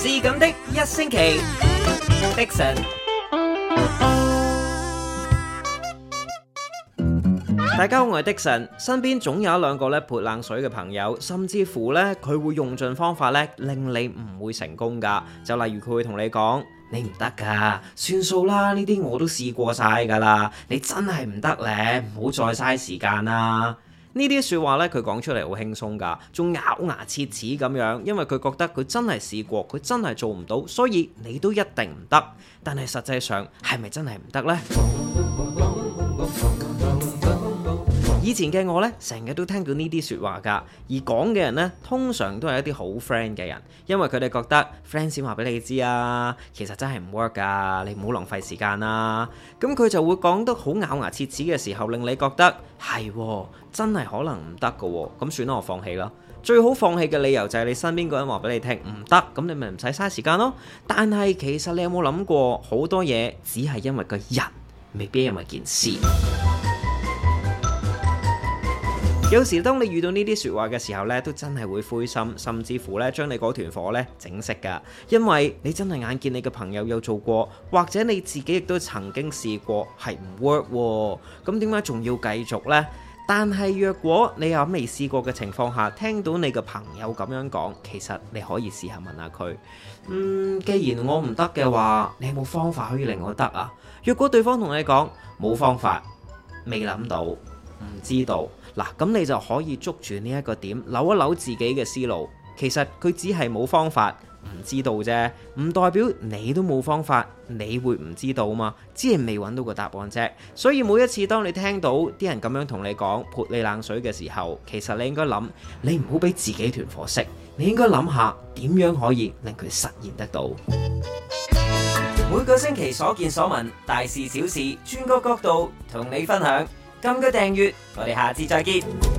是咁的一星期，迪神。大家好，我係迪神，身邊總有一兩個咧潑冷水嘅朋友，甚至乎咧佢會用盡方法咧令你唔會成功噶。就例如佢會同你講，你唔得噶，算數啦，呢啲我都試過晒噶啦，你真係唔得咧，唔好再嘥時間啦。呢啲説話呢，佢講出嚟好輕鬆㗎，仲咬牙切齒咁樣，因為佢覺得佢真係試過，佢真係做唔到，所以你都一定唔得。但係實際上，係咪真係唔得呢？ 以前嘅我呢，成日都聽到呢啲說話噶而講嘅人呢，通常都係一啲好 friend 嘅人，因為佢哋覺得 friend 先話俾你知啊，其實真係唔 work 噶，你唔好浪費時間啦、啊。咁佢就會講得好咬牙切齒嘅時候，令你覺得係、哦、真係可能唔得噶，咁算啦，我放棄啦。最好放棄嘅理由就係你身邊嗰人話俾你聽唔得，咁你咪唔使嘥時間咯。但係其實你有冇諗過，好多嘢只係因為個人，未必因為件事。有時當你遇到呢啲說話嘅時候咧，都真係會灰心，甚至乎咧將你嗰團火咧整熄噶。因為你真係眼見你嘅朋友有做過，或者你自己亦都曾經試過係唔 work，咁點解仲要繼續呢？但係若果你又未試過嘅情況下，聽到你嘅朋友咁樣講，其實你可以試下問下佢。嗯，既然我唔得嘅話，你有冇方法可以令我得啊？若果對方同你講冇方法，未諗到。唔知道嗱，咁你就可以捉住呢一個點，扭一扭自己嘅思路。其實佢只係冇方法，唔知道啫，唔代表你都冇方法，你會唔知道嘛？只係未揾到個答案啫。所以每一次當你聽到啲人咁樣同你講，潑你冷水嘅時候，其實你應該諗，你唔好俾自己團火熄，你應該諗下點樣可以令佢實現得到。每個星期所見所聞，大事小事，轉個角度同你分享。今個訂閱，我哋下次再見。